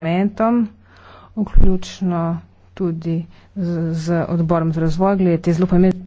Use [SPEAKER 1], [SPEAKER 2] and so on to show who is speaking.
[SPEAKER 1] parlamentom, vključno tudi z, z odborom za razvoj, glede te zelo pomembne.